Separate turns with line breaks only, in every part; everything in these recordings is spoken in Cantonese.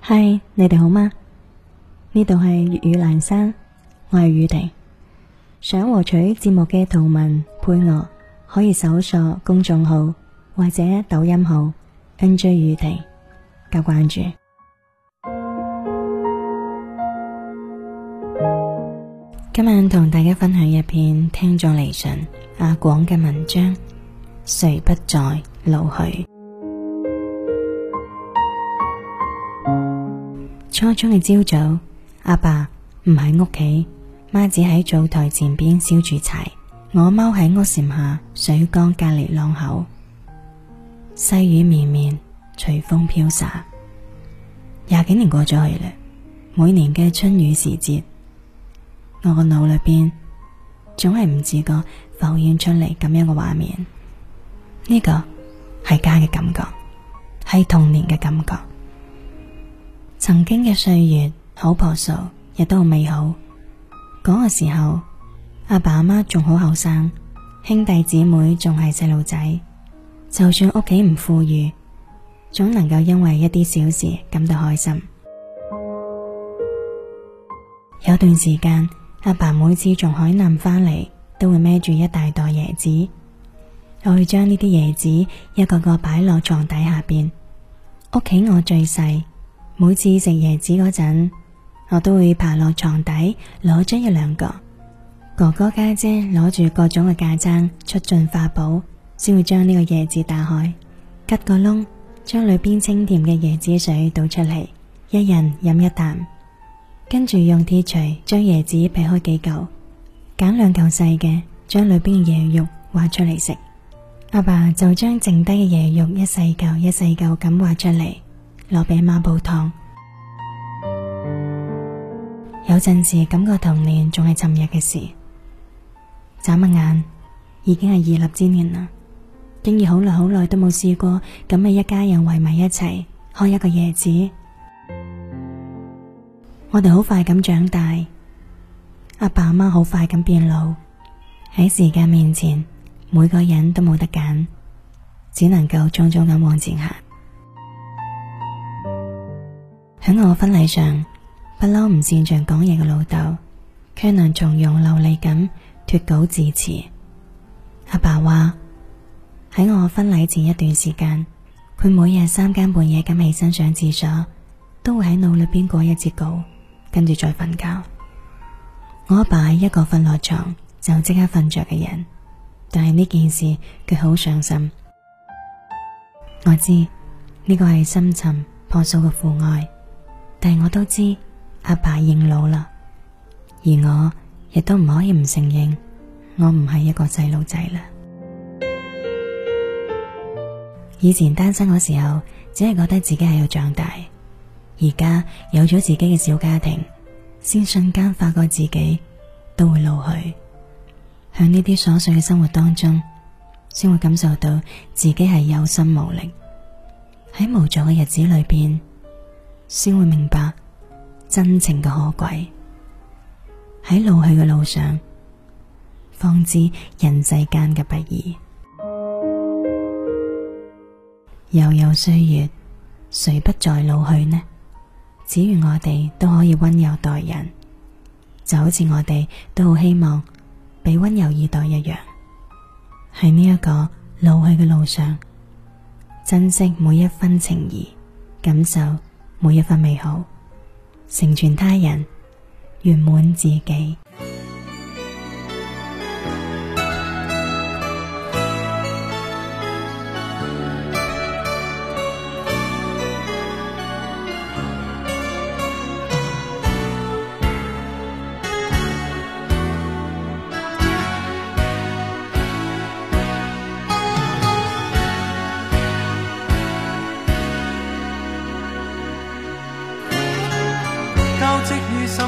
嗨，Hi, 你哋好嗎？呢度係粵語闌山，我係雨婷。想獲取節目嘅圖文配樂，可以搜索公眾號或者抖音號 N J 雨婷。加關注，今晚同大家分享一篇聽眾嚟信阿廣嘅文章，誰不在老去？初中嘅朝早，阿爸唔喺屋企，媽子喺灶台前邊燒住柴，我踎喺屋檐下水缸隔離浪口，細雨綿綿，隨風飄灑。廿幾年過咗去啦，每年嘅春雨時節，我個腦裏邊總係唔自覺浮現出嚟咁樣嘅畫面，呢個係家嘅感覺，係童年嘅感覺。曾經嘅歲月好樸素，亦都好美好。嗰、那個時候，阿爸阿媽仲好後生，兄弟姊妹仲係細路仔。就算屋企唔富裕，總能夠因為一啲小事感到開心。有段時間，阿爸，爸每次從海南返嚟，都會孭住一大袋椰子，我會將呢啲椰子一個個擺落床底下邊。屋企我最細。每次食椰子嗰陣，我都會爬落床底攞張一兩個。哥哥家姐攞住各種嘅架撐出盡法寶，先會將呢個椰子打開，吉個窿，將裏邊清甜嘅椰子水倒出嚟，一人飲一啖。跟住用鐵錘將椰子劈開幾舊，揀兩舊細嘅，將裏邊嘅椰肉挖出嚟食。阿爸就將剩低嘅椰肉一細舊一細舊咁挖出嚟。攞俾媽煲湯，有陣時感覺童年仲係尋日嘅事，眨下眼已經係而立之年啦。竟然好耐好耐都冇試過咁嘅一家人圍埋一齊開一個椰子。我哋好快咁長大，阿爸阿媽好快咁變老。喺時間面前，每個人都冇得揀，只能夠匆匆咁往前行。喺我婚禮上，不嬲唔擅長講嘢嘅老豆，卻能從容流利咁脱稿致辭。阿爸話喺我婚禮前一段時間，佢每日三更半夜咁起身上廁所，都會喺腦裏邊過一節稿，跟住再瞓覺。我阿爸係一個瞓落床就即刻瞓着嘅人，但係呢件事佢好上心。我知呢個係深沉朴素嘅父愛。但係我都知阿爸，爸認老啦，而我亦都唔可以唔承認，我唔係一個細路仔啦。以前單身嗰時候，只係覺得自己喺度長大，而家有咗自己嘅小家庭，先瞬間發覺自己都會老去。響呢啲瑣碎嘅生活當中，先會感受到自己係有心無力，喺無助嘅日子裏邊。先會明白真情嘅可貴，喺老去嘅路上，方知人世間嘅不易。悠悠歲月，誰不在老去呢？只願我哋都可以溫柔待人，就好似我哋都好希望畀溫柔以待一樣。喺呢一個老去嘅路上，珍惜每一分情誼，感受，每一份美好，成全他人，圓滿自己。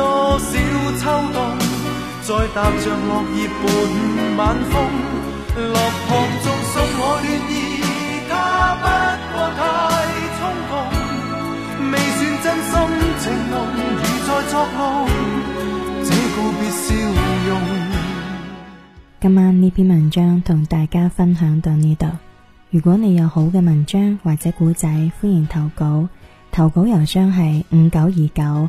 多少秋冬，再踏着落落葉伴晚風，落中送我暖。不過太衝動，未算真心情濃，如在笑容，
今晚呢篇文章同大家分享到呢度。如果你有好嘅文章或者古仔，歡迎投稿。投稿郵箱係五九二九。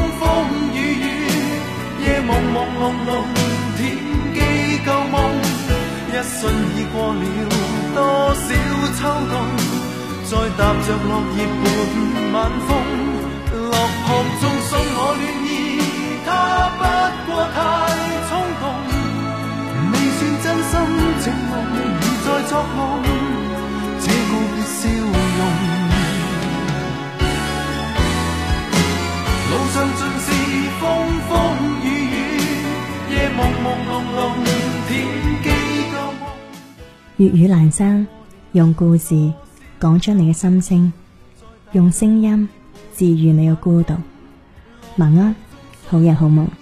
朦朧天機舊夢，一瞬已過了多少秋冬。再踏着落葉伴晚風，落魄中送我戀意，他不過太衝動。未算真心情濃，已在作弄這告別笑容。路上最朦朦朧
朧，粵語闌珊，用故事講出你嘅心聲，用聲音治癒你嘅孤獨。晚安，好人好夢。